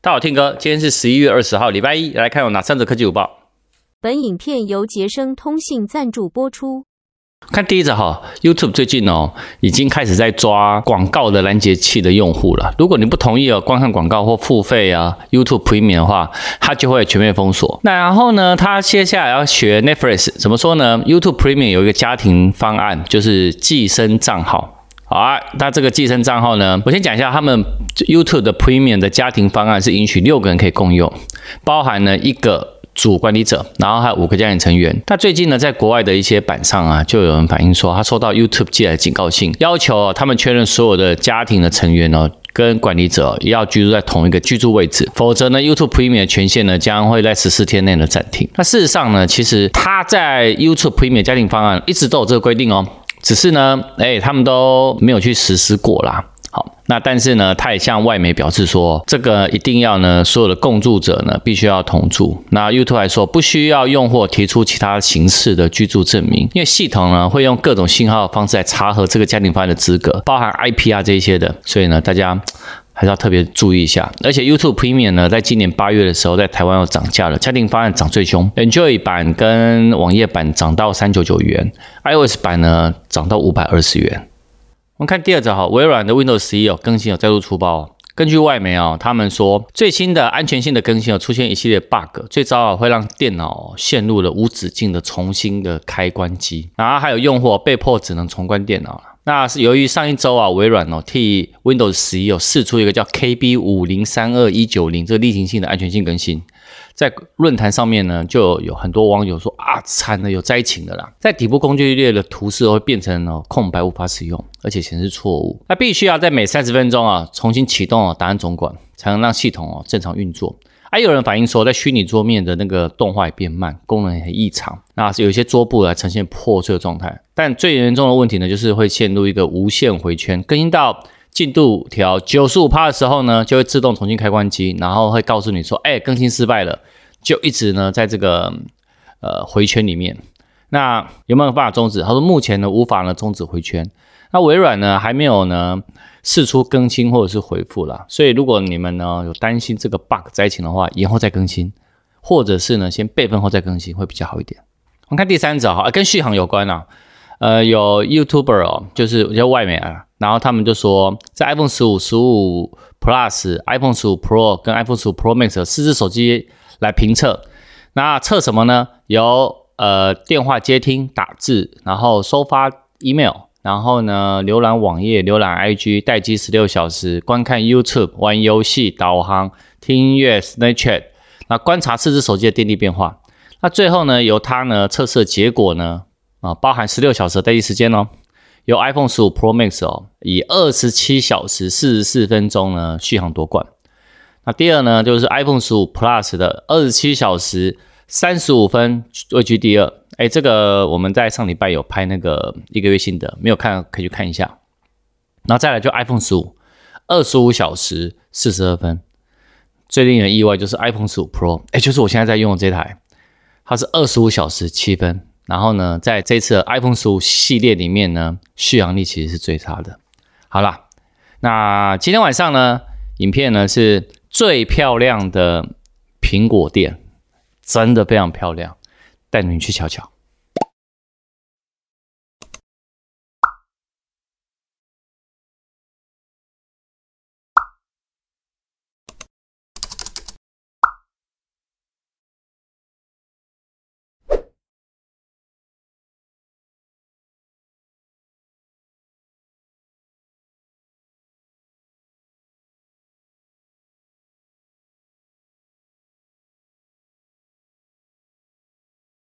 大家好，Tim 哥，今天是十一月二十號，禮拜一，來看有哪三則科技午報。本影片由傑昇通信贊助播出。看第一則哈，YouTube 最近哦，已經開始在抓廣告的攔截器的用戶了。如果你不同意哦，觀看廣告或付費啊，YouTube Premium 的話，它就會全面封鎖。那然後呢，它接下來要學 Netflix，怎麼說呢？YouTube Premium 有一個家庭方案，就是寄生賬號。好啊，那這個寄生帳號呢，我先講一下，他們 YouTube 的 Premium 的家庭方案是允許六個人可以共用，包含呢一個主管理者，然後還有五個家庭成員。那最近呢，在國外的一些版上啊，就有人反映說，他收到 YouTube 寄來的警告信，要求他們確認所有的家庭的成員呢，跟管理者要居住在同一個居住位置，否則呢，YouTube Premium 的權限呢，將會在十四天內的暫停。那事實上呢，其實他在 YouTube Premium 的家庭方案一直都有這個規定哦。只是呢，哎、欸，他們都沒有去實施過啦。好，那但是呢，他也向外媒表示說，這個一定要呢，所有的共住者呢，必須要同住。那 YouTube 來說，不需要用戶提出其他形式的居住證明，因為系統呢會用各種信號的方式來查核這個家庭方案的資格，包含 IP 啊這些的。所以呢，大家。還是要特別注意一下，而且 YouTube Premium 呢，在今年八月的時候，在台灣又漲價了，家庭方案漲最兇，Enjoy 版跟網頁版漲到三九九元，iOS 版呢漲到五百二十元。我們看第二則哈，微軟的 Windows 十一哦，更新有再度出包，根據外媒哦，他們說最新的安全性的更新出現一系列 bug，最早啊會讓電腦陷入了無止境的重新的開關機，然後還有用戶被迫只能重灌電腦了。那是由於上一周啊，微軟哦替 Windows 十一、哦、有釋出一個叫 KB 五零三二一九零這個例行性的安全性更新，在論壇上面呢就有很多網友說啊慘了，有災情的啦，在底部工具列的圖示會變成哦空白無法使用，而且顯示錯誤，那必須要在每三十分鐘啊重新啟動哦檔案總管才能讓系統哦正常運作。還有人反映說，在虛擬桌面的那個動畫也變慢，功能也很異常。那是有一些桌布啊呈現破碎的狀態。但最嚴重的問題呢，就是會陷入一個無限回圈。更新到進度條九十五趴的時候呢，就會自動重新開關機，然後會告訴你說：“哎，更新失敗了。”就一直呢在這個呃回圈裡面。那有沒有辦法終止？他說目前呢無法呢終止回圈。那微軟呢還沒有呢釋出更新或者是回復了，所以如果你們呢有擔心這個 bug 災情的話，以後再更新，或者是呢先備份後再更新會比較好一點。我們看第三者哈，跟續航有關啊。呃，有 YouTuber、哦、就是在外面，啊，然後他們就說在 iPhone 十五、十五 Plus、iPhone 十五 Pro、跟 iPhone 十五 Pro Max 的四支手機來評測。那測什麼呢？有。呃，電話接聽、打字，然後收發 email，然後呢，瀏覽網頁、瀏覽 IG，待機十六小時，觀看 YouTube，玩遊戲、導航、聽音樂、Snapchat，那觀察四支手機的電力變化。那最後呢，由它呢測試結果呢，啊、呃，包含十六小時的待機時間哦，由 iPhone 十五 Pro Max 哦，以二十七小時四十四分鐘呢續航奪冠。那第二呢，就是 iPhone 十五 Plus 的二十七小時。三十五分位居第二，哎、欸，這個我們在上禮拜有拍那個一個月心得，沒有看可以去看一下。然後再來就 iPhone 十五，二十五小時四十二分。最令人意外就是 iPhone 十五 Pro，哎、欸，就是我現在在用的這台，它是二十五小時七分。然後呢，在這次 iPhone 十五系列裡面呢，續航力其實是最差的。好啦，那今天晚上呢，影片呢是最漂亮的蘋果店。真的非常漂亮，帶你去瞧瞧。